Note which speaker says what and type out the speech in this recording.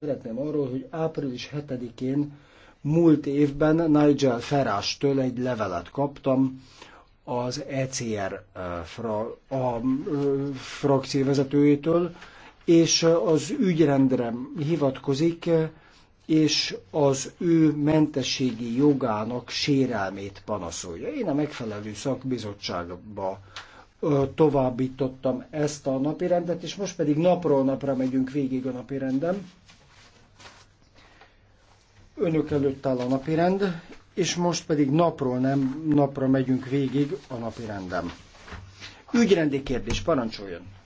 Speaker 1: Szeretném arról, hogy április 7-én múlt évben Nigel Farage-től egy levelet kaptam, az ECR eh, fra, a, eh, frakció vezetőjétől, és az ügyrendre hivatkozik, és az ő mentességi jogának sérelmét panaszolja. Én a megfelelő szakbizottságba eh, továbbítottam ezt a napirendet, és most pedig napról napra megyünk végig a napirendem. Önök előtt áll a napirend, és most pedig napról nem napra megyünk végig a napirendem. Ügyrendi kérdés,
Speaker 2: parancsoljon!